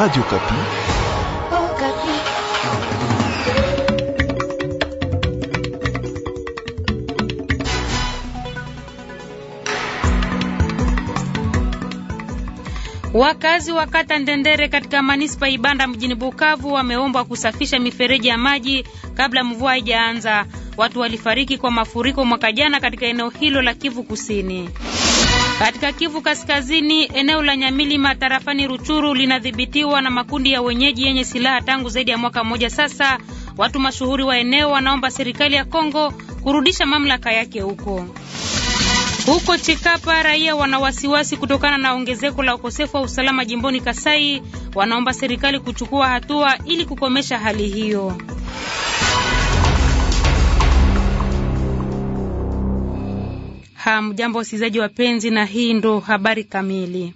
Radio Okapi. Wakazi wa kata Ndendere katika manispa Ibanda mjini Bukavu wameombwa kusafisha mifereji ya maji kabla mvua haijaanza. Watu walifariki kwa mafuriko mwaka jana katika eneo hilo la Kivu Kusini. Katika Kivu Kaskazini, eneo la Nyamilima tarafani Ruchuru linadhibitiwa na makundi ya wenyeji yenye silaha tangu zaidi ya mwaka mmoja sasa. Watu mashuhuri wa eneo wanaomba serikali ya Kongo kurudisha mamlaka yake huko. Huko Chikapa, raia wana wasiwasi kutokana na ongezeko la ukosefu wa usalama jimboni Kasai. Wanaomba serikali kuchukua hatua ili kukomesha hali hiyo. Hamjambo wasikilizaji wapenzi, na hii ndo habari kamili.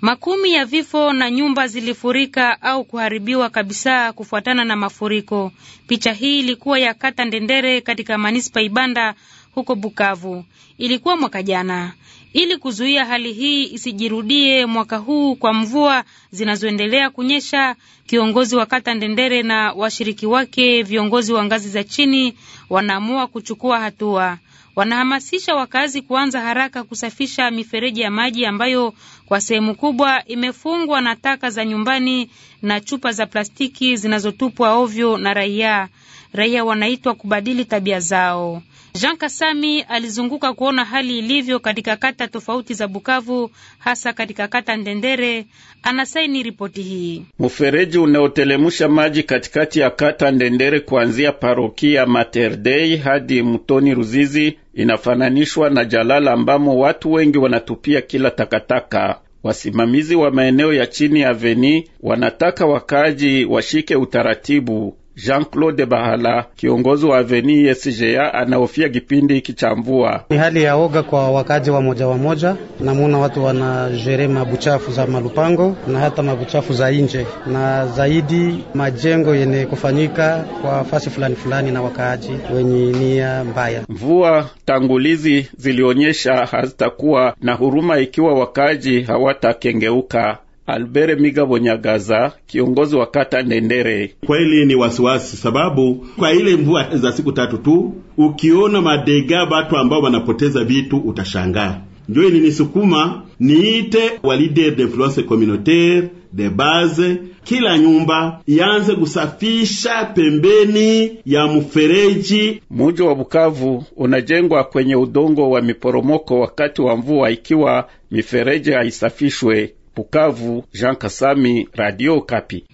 Makumi ya vifo na nyumba zilifurika au kuharibiwa kabisa kufuatana na mafuriko. Picha hii ilikuwa ya kata Ndendere katika manispa Ibanda huko Bukavu, ilikuwa mwaka jana. Ili kuzuia hali hii isijirudie mwaka huu kwa mvua zinazoendelea kunyesha, kiongozi wa kata Ndendere na washiriki wake, viongozi wa ngazi za chini, wanaamua kuchukua hatua wanahamasisha wakazi kuanza haraka kusafisha mifereji ya maji ambayo kwa sehemu kubwa imefungwa na taka za nyumbani na chupa za plastiki zinazotupwa ovyo na raia. Raia wanaitwa kubadili tabia zao. Jean Kasami alizunguka kuona hali ilivyo katika kata tofauti za Bukavu, hasa katika kata Ndendere. Anasaini ripoti hii. Mfereji unaotelemusha maji katikati ya kata Ndendere kuanzia parokia Mater Dei hadi mtoni Ruzizi inafananishwa na jalala ambamo watu wengi wanatupia kila takataka. Wasimamizi wa maeneo ya chini ya Veni wanataka wakaaji washike utaratibu. Jean-Claude Bahala, kiongozi wa Avenir SGA, anahofia kipindi hiki cha mvua. Ni hali ya oga kwa wakazi wa moja wa moja, namuna watu wanajere mabuchafu za malupango na hata mabuchafu za nje, na zaidi majengo yenye kufanyika kwa fasi fulani fulani na wakaaji wenye nia mbaya. Mvua tangulizi zilionyesha hazitakuwa na huruma ikiwa wakaaji hawatakengeuka. Albert Migabo Nyagaza, kiongozi wa kata Ndendere. Kweli ni wasiwasi, sababu kwa ile mvua za siku tatu tu, ukiona madega watu ambao wanapoteza vitu utashangaa. Ndio nisukuma niite wa leader d'influence communautaire de base, kila nyumba ianze kusafisha pembeni ya mfereji. Muji wa Bukavu unajengwa kwenye udongo wa miporomoko wakati wa mvua, ikiwa mifereji haisafishwe Bukavu, Jean Kasami, Radio Kapi.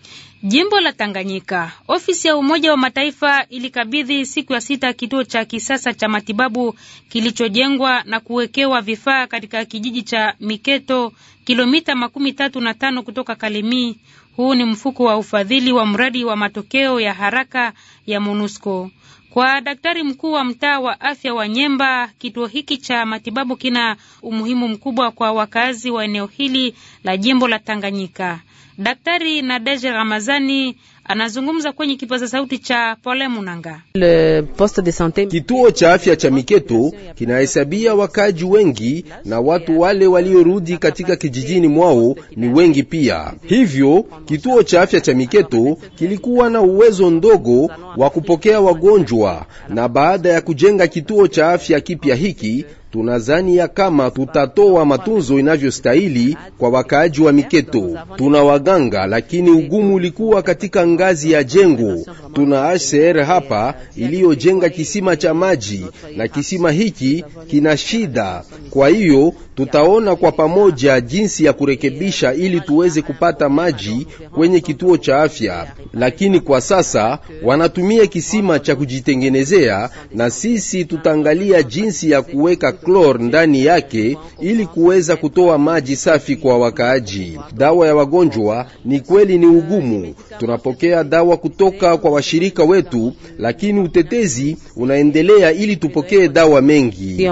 Jimbo la Tanganyika, ofisi ya Umoja wa Mataifa ilikabidhi siku ya sita kituo cha kisasa cha matibabu kilichojengwa na kuwekewa vifaa katika kijiji cha Miketo, kilomita makumi tatu na tano kutoka Kalemi. Huu ni mfuko wa ufadhili wa mradi wa matokeo ya haraka ya MONUSCO. Kwa daktari mkuu wa mtaa wa afya wa Nyemba, kituo hiki cha matibabu kina umuhimu mkubwa kwa wakazi wa eneo hili la jimbo la Tanganyika. Daktari Nadeje Ramazani Anazungumza kwenye kipaza sauti cha Pole Munanga. Le poste de sante, kituo cha afya cha Miketo kinahesabia wakaji wengi, na watu wale waliorudi katika kijijini mwao ni wengi pia. Hivyo kituo cha afya cha Miketo kilikuwa na uwezo ndogo wa kupokea wagonjwa, na baada ya kujenga kituo cha afya kipya hiki tunazani ya kama tutatoa matunzo inavyostahili kwa wakaaji wa Miketo. Tuna waganga, lakini ugumu ulikuwa katika ngazi ya jengo. Tuna HCR hapa iliyojenga kisima cha maji na kisima hiki kina shida, kwa hiyo tutaona kwa pamoja jinsi ya kurekebisha ili tuweze kupata maji kwenye kituo cha afya, lakini kwa sasa wanatumia kisima cha kujitengenezea, na sisi tutaangalia jinsi ya kuweka klor ndani yake ili kuweza kutoa maji safi kwa wakaaji. Dawa ya wagonjwa ni kweli ni ugumu, tunapokea dawa kutoka kwa washirika wetu, lakini utetezi unaendelea ili tupokee dawa mengi.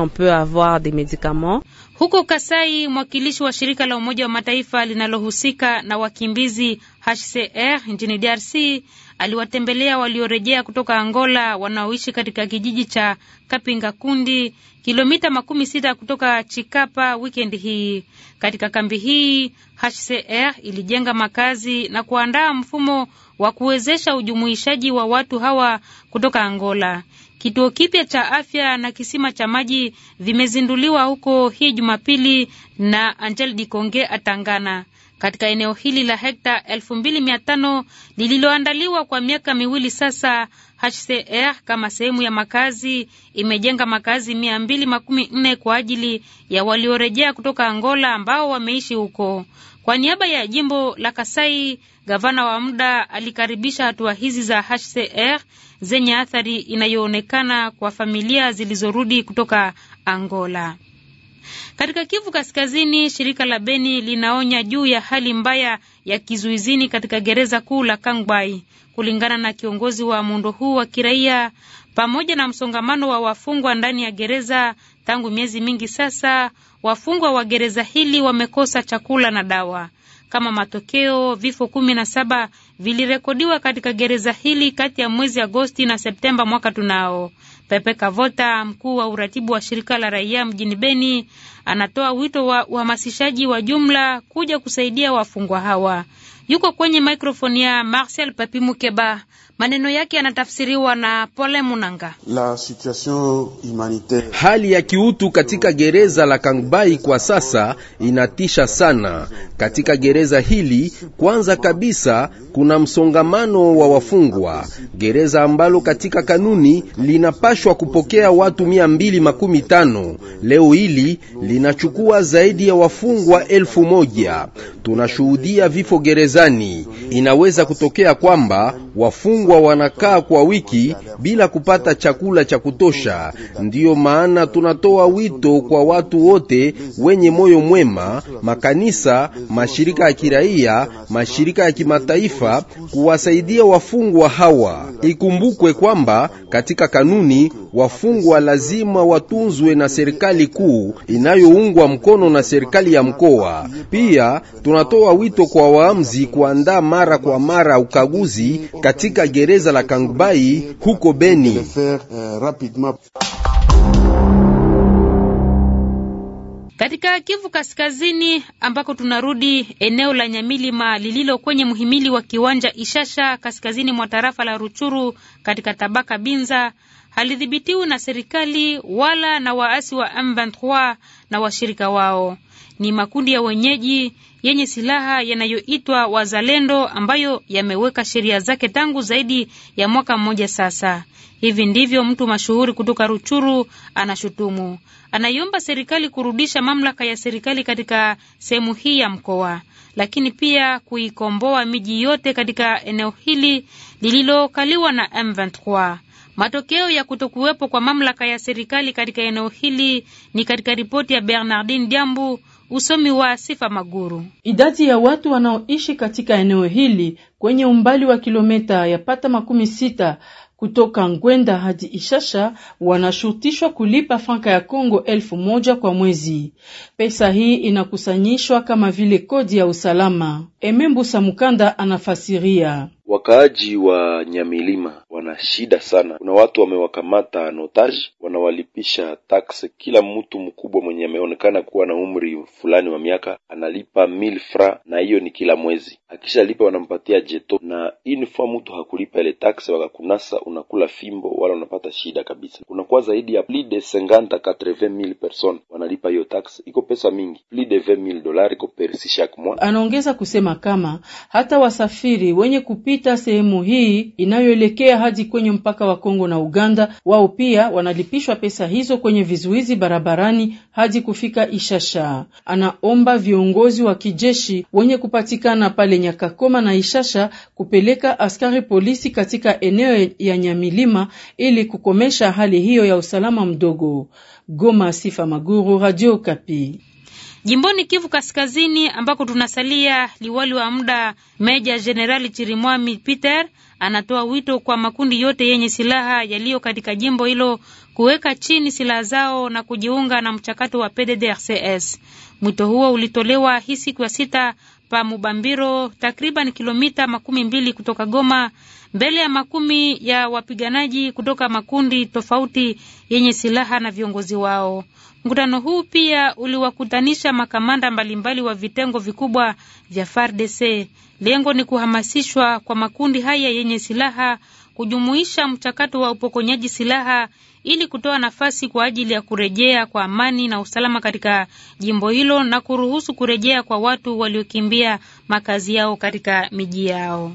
Huko Kasai, mwakilishi wa shirika la Umoja wa Mataifa linalohusika na wakimbizi HCR nchini DRC aliwatembelea waliorejea kutoka Angola wanaoishi katika kijiji cha Kapinga Kundi, kilomita makumi sita kutoka Chikapa wikendi hii. Katika kambi hii HCR ilijenga makazi na kuandaa mfumo wa kuwezesha ujumuishaji wa watu hawa kutoka Angola. Kituo kipya cha afya na kisima cha maji vimezinduliwa huko hii Jumapili na Angel Dikonge atangana katika eneo hili la hekta 2500 lililoandaliwa kwa miaka miwili sasa. HCR kama sehemu ya makazi imejenga makazi 214 kwa ajili ya waliorejea kutoka Angola ambao wameishi huko. Kwa niaba ya jimbo la Kasai, gavana wa muda alikaribisha hatua hizi za HCR zenye athari inayoonekana kwa familia zilizorudi kutoka Angola. Katika Kivu Kaskazini, shirika la Beni linaonya juu ya hali mbaya ya kizuizini katika gereza kuu la Kangbai. Kulingana na kiongozi wa muundo huu wa kiraia, pamoja na msongamano wa wafungwa ndani ya gereza tangu miezi mingi sasa, wafungwa wa gereza hili wamekosa chakula na dawa. Kama matokeo, vifo kumi na saba vilirekodiwa katika gereza hili kati ya mwezi Agosti na Septemba mwaka tunao. Pepe Kavota, mkuu wa uratibu wa shirika la raia mjini Beni, anatoa wito wa uhamasishaji wa jumla kuja kusaidia wafungwa hawa. Yuko kwenye mikrofoni ya Marcel Papi Mukeba. Maneno yake yanatafsiriwa na Pole Munanga. La situation humanitaire. Hali ya kiutu katika gereza la Kangbai kwa sasa inatisha sana. Katika gereza hili, kwanza kabisa, kuna msongamano wa wafungwa, gereza ambalo katika kanuni linapashwa kupokea watu 215 leo hili inachukua zaidi ya wafungwa elfu moja. Tunashuhudia vifo gerezani. Inaweza kutokea kwamba wafungwa wanakaa kwa wiki bila kupata chakula cha kutosha. Ndiyo maana tunatoa wito kwa watu wote wenye moyo mwema, makanisa, mashirika ya kiraia, mashirika ya kimataifa kuwasaidia wafungwa hawa. Ikumbukwe kwamba katika kanuni wafungwa lazima watunzwe na serikali kuu inayo inayoungwa mkono na serikali ya mkoa. Pia tunatoa wito kwa waamzi kuandaa mara kwa mara ukaguzi katika gereza la Kangubai huko Beni. Katika Kivu Kaskazini ambako tunarudi eneo la Nyamilima lililo kwenye mhimili wa kiwanja Ishasha kaskazini mwa tarafa la Ruchuru katika tabaka Binza halidhibitiwi na serikali wala na waasi wa M23 na washirika wao. Ni makundi ya wenyeji yenye silaha yanayoitwa Wazalendo ambayo yameweka sheria zake tangu zaidi ya mwaka mmoja sasa. Hivi ndivyo mtu mashuhuri kutoka Ruchuru anashutumu. Anaiomba serikali kurudisha mamlaka ya serikali katika sehemu hii ya mkoa, lakini pia kuikomboa miji yote katika eneo hili lililokaliwa na M23. Matokeo ya kutokuwepo kwa mamlaka ya serikali katika eneo hili ni katika ripoti ya Bernardine Jambu. Usomi wa Sifa Maguru. Idadi ya watu wanaoishi katika eneo hili kwenye umbali wa kilomita pata makumi sita kutoka Ngwenda hadi Ishasha wanashurutishwa kulipa franka ya Kongo elfu moja kwa mwezi. Pesa hii inakusanyishwa kama vile kodi ya usalama. Emembu Samukanda anafasiria. Wakaaji wa Nyamilima wana shida sana. Kuna watu wamewakamata notage, wanawalipisha tax. Kila mtu mkubwa mwenye ameonekana kuwa na umri fulani wa miaka analipa mil fra, na hiyo ni kila mwezi. Akishalipa wanampatia jeto, na inifo mtu hakulipa ile taksi wakakunasa, unakula fimbo wala unapata shida kabisa. Kunakuwa zaidi ya plus de cinquante quatre-vingt mille personnes wanalipa hiyo tax, iko pesa mingi, plus de vingt mille dollars iko per chaque mois. Anaongeza kusema kama hata wasafiri wenye kupita kupita sehemu hii inayoelekea hadi kwenye mpaka wa Kongo na Uganda, wao pia wanalipishwa pesa hizo kwenye vizuizi barabarani hadi kufika Ishasha. Anaomba viongozi wa kijeshi wenye kupatikana pale Nyakakoma na Ishasha kupeleka askari polisi katika eneo ya Nyamilima ili kukomesha hali hiyo ya usalama mdogo. Goma, Sifa Maguru, Radio Kapi. Jimboni Kivu Kaskazini ambako tunasalia, liwali wa muda Meja Jenerali Chirimwami Peter anatoa wito kwa makundi yote yenye silaha yaliyo katika jimbo hilo kuweka chini silaha zao na kujiunga na mchakato wa PDDRCS. Mwito huo ulitolewa hii siku ya sita pa Mubambiro, takriban kilomita makumi mbili kutoka Goma, mbele ya makumi ya wapiganaji kutoka makundi tofauti yenye silaha na viongozi wao. Mkutano huu pia uliwakutanisha makamanda mbalimbali wa vitengo vikubwa vya FARDC. Lengo ni kuhamasishwa kwa makundi haya yenye silaha kujumuisha mchakato wa upokonyaji silaha ili kutoa nafasi kwa ajili ya kurejea kwa amani na usalama katika jimbo hilo na kuruhusu kurejea kwa watu waliokimbia makazi yao katika miji yao.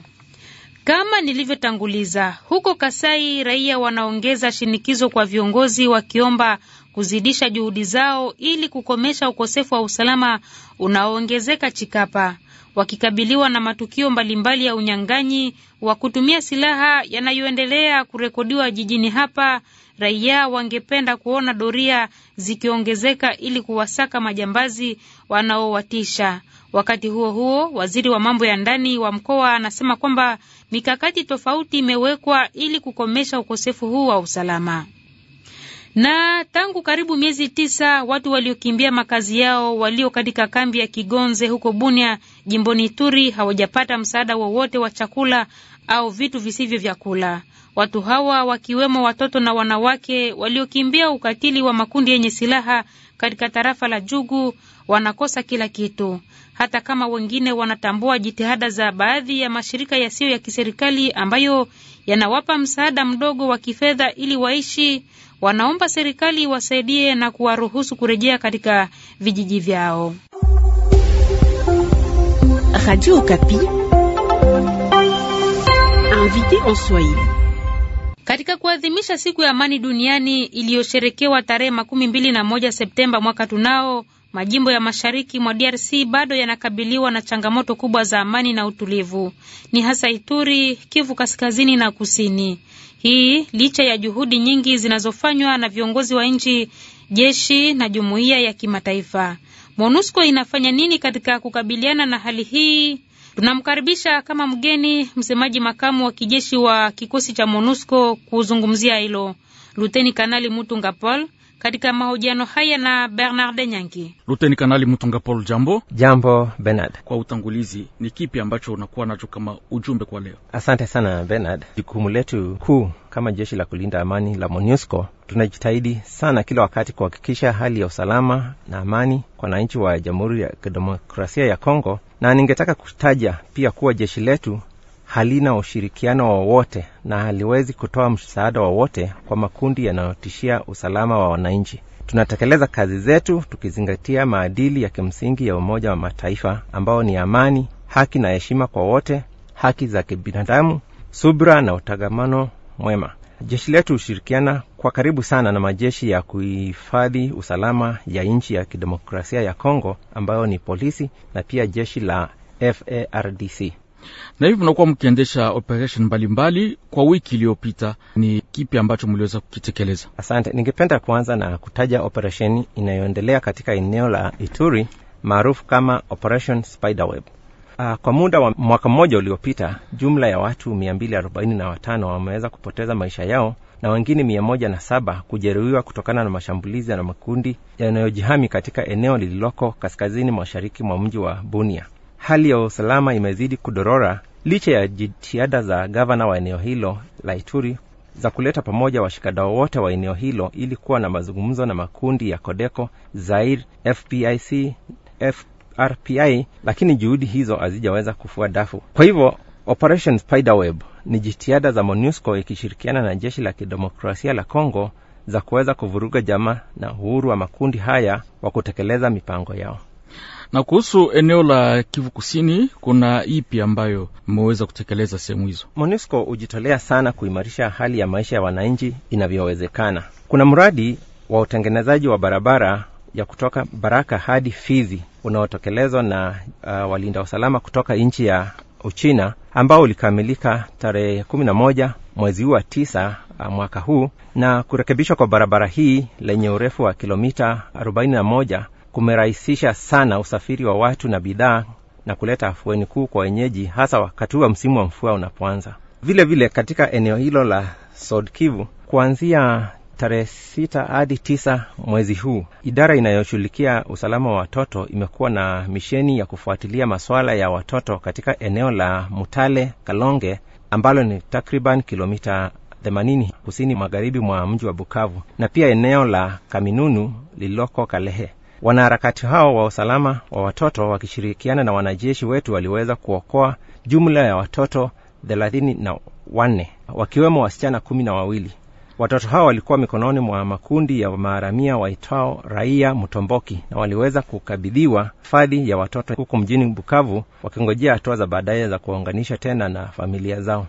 Kama nilivyotanguliza, huko Kasai raia wanaongeza shinikizo kwa viongozi wakiomba kuzidisha juhudi zao ili kukomesha ukosefu wa usalama unaoongezeka Chikapa, wakikabiliwa na matukio mbalimbali ya unyang'anyi wa kutumia silaha yanayoendelea kurekodiwa jijini hapa. Raia wangependa kuona doria zikiongezeka ili kuwasaka majambazi wanaowatisha. Wakati huo huo, waziri wa mambo ya ndani wa mkoa anasema kwamba mikakati tofauti imewekwa ili kukomesha ukosefu huu wa usalama. Na tangu karibu miezi tisa watu waliokimbia makazi yao walio katika kambi ya Kigonze huko Bunia jimboni Ituri hawajapata msaada wowote wa chakula au vitu visivyo vyakula. Watu hawa wakiwemo watoto na wanawake waliokimbia ukatili wa makundi yenye silaha katika tarafa la Jugu wanakosa kila kitu, hata kama wengine wanatambua jitihada za baadhi ya mashirika yasiyo ya kiserikali ambayo yanawapa msaada mdogo wa kifedha ili waishi. Wanaomba serikali wasaidie na kuwaruhusu kurejea katika vijiji vyao. Katika kuadhimisha siku ya amani duniani iliyosherekewa tarehe makumi mbili na moja Septemba mwaka tunao, majimbo ya mashariki mwa DRC bado yanakabiliwa na changamoto kubwa za amani na utulivu, ni hasa Ituri, Kivu kaskazini na kusini. Hii licha ya juhudi nyingi zinazofanywa na viongozi wa nchi, jeshi na jumuiya ya kimataifa. MONUSCO inafanya nini katika kukabiliana na hali hii? Tunamkaribisha kama mgeni msemaji makamu wa kijeshi wa kikosi cha MONUSCO kuzungumzia hilo, Luteni Kanali Mutunga Paul katika mahojiano haya na Bernard Nyangi. Luteni Kanali Mtunga Paul, jambo. Jambo Bernard. Kwa utangulizi, ni kipi ambacho unakuwa nacho kama ujumbe kwa leo? Asante sana Bernard. Jukumu letu kuu kama jeshi la kulinda amani la MONUSCO tunajitahidi sana kila wakati kuhakikisha hali ya usalama na amani kwa wananchi wa Jamhuri ya Kidemokrasia ya Kongo, na ningetaka kutaja pia kuwa jeshi letu halina ushirikiano wowote na haliwezi kutoa msaada wowote kwa makundi yanayotishia usalama wa wananchi. Tunatekeleza kazi zetu tukizingatia maadili ya kimsingi ya Umoja wa Mataifa ambao ni amani, haki na heshima kwa wote, haki za kibinadamu, subra na utangamano mwema. Jeshi letu hushirikiana kwa karibu sana na majeshi ya kuhifadhi usalama ya nchi ya kidemokrasia ya Kongo ambayo ni polisi na pia jeshi la FARDC na hivi mnakuwa mkiendesha operation mbalimbali kwa wiki iliyopita, ni kipi ambacho mliweza kukitekeleza? Asante. Ningependa kuanza na kutaja operesheni inayoendelea katika eneo la Ituri maarufu kama Operation Spiderweb. Ah, kwa muda wa mwaka mmoja uliopita, jumla ya watu 245 wameweza kupoteza maisha yao na wengine 107 kujeruhiwa kutokana na mashambulizi na makundi yanayojihami katika eneo lililoko kaskazini mashariki mwa mji wa Bunia hali ya usalama imezidi kudorora licha ya jitihada za gavana wa eneo hilo la Ituri za kuleta pamoja washikadao wote wa eneo hilo ili kuwa na mazungumzo na makundi ya Kodeko, Zair, FPIC, FRPI, lakini juhudi hizo hazijaweza kufua dafu. Kwa hivyo Operation Spiderweb ni jitihada za MONUSCO ikishirikiana na jeshi la kidemokrasia la congo za kuweza kuvuruga jamaa na uhuru wa makundi haya wa kutekeleza mipango yao. Na kuhusu eneo la Kivu Kusini, kuna ipi ambayo mmeweza kutekeleza sehemu hizo? MONUSCO hujitolea sana kuimarisha hali ya maisha ya wananchi inavyowezekana. Kuna mradi wa utengenezaji wa barabara ya kutoka Baraka hadi Fizi unaotekelezwa na uh, walinda usalama kutoka nchi ya Uchina ambao ulikamilika tarehe kumi na moja mwezi huu wa tisa uh, mwaka huu, na kurekebishwa kwa barabara hii lenye urefu wa kilomita 41 kumerahisisha sana usafiri wa watu na bidhaa na kuleta afueni kuu kwa wenyeji, hasa wakati wa msimu wa mfua unapoanza. Vile vile katika eneo hilo la sodkivu Kivu, kuanzia tarehe sita hadi tisa mwezi huu, idara inayoshughulikia usalama wa watoto imekuwa na misheni ya kufuatilia masuala ya watoto katika eneo la Mutale Kalonge ambalo ni takriban kilomita 80 kusini magharibi mwa mji wa Bukavu na pia eneo la Kaminunu lililoko Kalehe. Wanaharakati hao wa usalama wa watoto wakishirikiana na wanajeshi wetu waliweza kuokoa jumla ya watoto thelathini na wanne wakiwemo wasichana kumi na wawili. Watoto hao walikuwa mikononi mwa makundi ya maharamia waitao Raia Mtomboki na waliweza kukabidhiwa hifadhi ya watoto huko mjini Bukavu, wakingojea hatua za baadaye za kuwaunganisha tena na familia zao.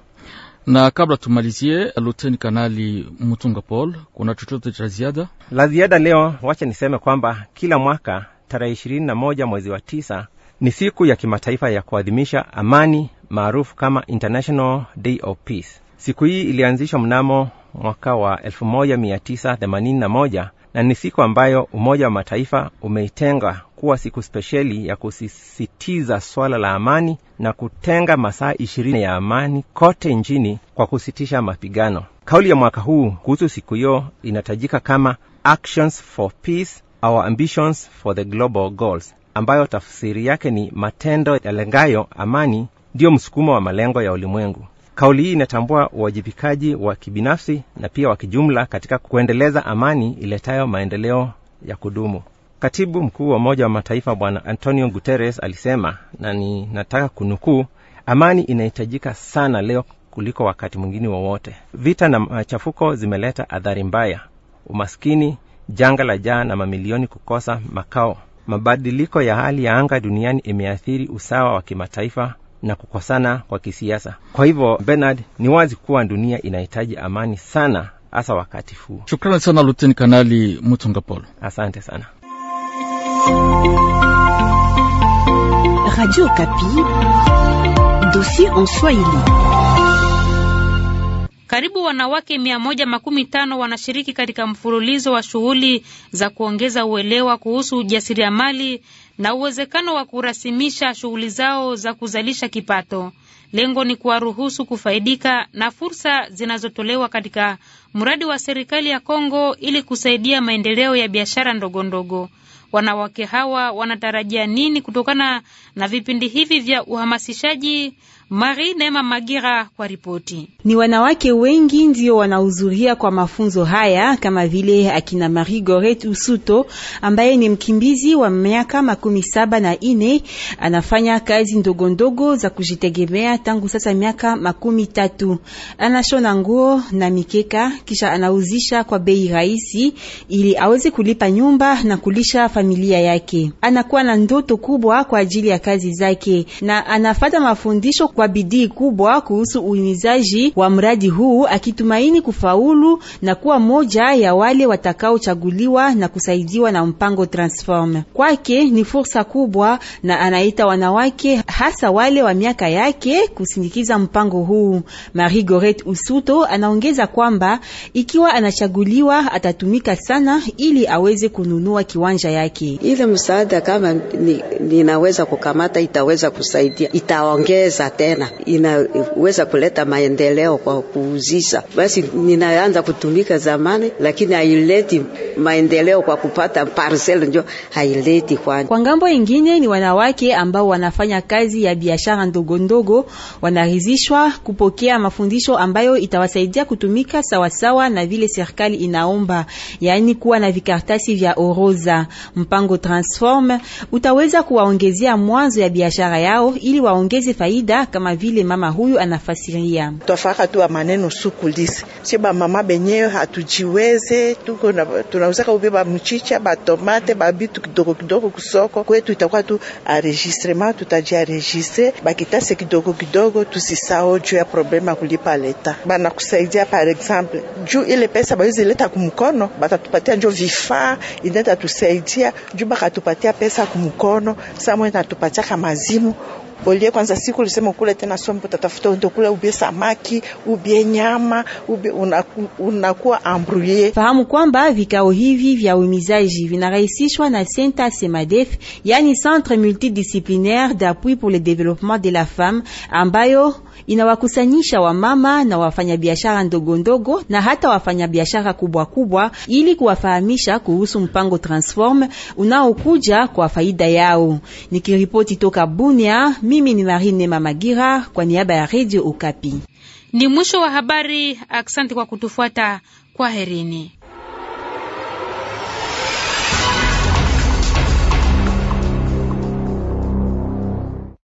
Na kabla tumalizie, Luteni Kanali Mutunga Paul, kuna chochote cha ziada? La ziada leo, wacha niseme kwamba kila mwaka tarehe ishirini na moja mwezi wa tisa ni siku ya kimataifa ya kuadhimisha amani maarufu kama International Day of Peace. Siku hii ilianzishwa mnamo mwaka wa 1981 na, ni siku ambayo Umoja wa Mataifa umeitenga kuwa siku spesheli ya kusisitiza swala la amani na kutenga masaa ishirini ya amani kote nchini kwa kusitisha mapigano. Kauli ya mwaka huu kuhusu siku hiyo inatajika kama Actions for Peace, Our Ambitions for the Global Goals, ambayo tafsiri yake ni matendo yalengayo amani ndiyo msukumo wa malengo ya ulimwengu. Kauli hii inatambua uwajibikaji wa kibinafsi na pia wa kijumla katika kuendeleza amani iletayo maendeleo ya kudumu. Katibu mkuu wa Umoja wa Mataifa Bwana Antonio Guterres alisema, na ninataka kunukuu, amani inahitajika sana leo kuliko wakati mwingine wowote. wa vita na machafuko zimeleta athari mbaya, umaskini, janga la njaa na mamilioni kukosa makao. Mabadiliko ya hali ya anga duniani imeathiri usawa wa kimataifa na kukosana kwa kisiasa. Kwa hivyo, Bernard, ni wazi kuwa dunia inahitaji amani sana, hasa wakati huu. Shukrani sana Luteni Kanali Mutunga Polo, asante sana. Radio Kapi, dosie en Swahili. Karibu wanawake mia moja makumi tano wanashiriki katika mfululizo wa shughuli za kuongeza uelewa kuhusu ujasiriamali na uwezekano wa kurasimisha shughuli zao za kuzalisha kipato. Lengo ni kuwaruhusu kufaidika na fursa zinazotolewa katika mradi wa serikali ya Kongo ili kusaidia maendeleo ya biashara ndogondogo. Wanawake hawa wanatarajia nini kutokana na vipindi hivi vya uhamasishaji? Marie Nema Magira kwa ripoti. Ni wanawake wengi ndio wanahudhuria kwa mafunzo haya kama vile akina Marie Goret Usuto ambaye ni mkimbizi wa miaka makumi saba na ine anafanya kazi ndogondogo za kujitegemea tangu sasa miaka makumi tatu. Anashona nguo na mikeka kisha anauzisha kwa bei rahisi ili aweze kulipa nyumba na kulisha familia yake. Anakuwa na ndoto kubwa kwa ajili ya kazi zake na anafata mafundisho kwa bidii kubwa kuhusu uhimizaji wa mradi huu, akitumaini kufaulu na kuwa moja ya wale watakaochaguliwa na kusaidiwa na mpango Transform. Kwake ni fursa kubwa, na anaita wanawake hasa wale wa miaka yake kusindikiza mpango huu. Marie Goret Usuto anaongeza kwamba ikiwa anachaguliwa atatumika sana ili aweze kununua kiwanja yake. Ile msaada kama ninaweza ni kukamata, itaweza kusaidia, itaongeza te tena inaweza kuleta maendeleo kwa kuuzisha. Basi ninaanza kutumika zamani, lakini haileti maendeleo kwa kupata parcel, njo haileti kwani. Kwa ngambo ingine, ni wanawake ambao wanafanya kazi ya biashara ndogo ndogo, wanarizishwa kupokea mafundisho ambayo itawasaidia kutumika sawasawa sawa na vile serikali inaomba, yaani kuwa na vikartasi vya oroza. Mpango transform utaweza kuwaongezea mwanzo ya biashara yao ili waongeze faida kama vile mama huyu anafasiria. Twafaka tu maneno sukulisi, si ba mama benyewe hatujiweze, tuko tunauzaka ubeba mchicha batomate babitu kidogo kidogo kusoko kwetu, itakuwa tu enregistrement, tutajienregistre bakitase kidogo kidogo, tusisao juu ya problema kulipa leta. Banakusaidia par exemple juu ile pesa baizileta kumkono, batatupatia njo vifaa inatatusaidia juu bakatupatia pesa kumkono, samwe natupatiaka mazimu olie kwanza siku lisema ukule tena sombo tatafuta ndokula ubie samaki ubie nyama ubie unakuwa una ambruye. Fahamu kwamba vikao hivi vya uhimizaji vinarahisishwa na Senta Semadef, yani Centre Multidisciplinaire d'Appui pour le Développement de la Femme ambayo inawakusanyisha wamama na wafanyabiashara ndogondogo na hata wafanyabiashara kubwa kubwa ili kuwafahamisha kuhusu mpango Transform unaokuja kwa faida yao. Nikiripoti toka Bunia, mimi ni Marine Mamagira kwa niaba ya Radio Okapi. Ni mwisho wa habari. Asante kwa kutufuata. Kwaherini.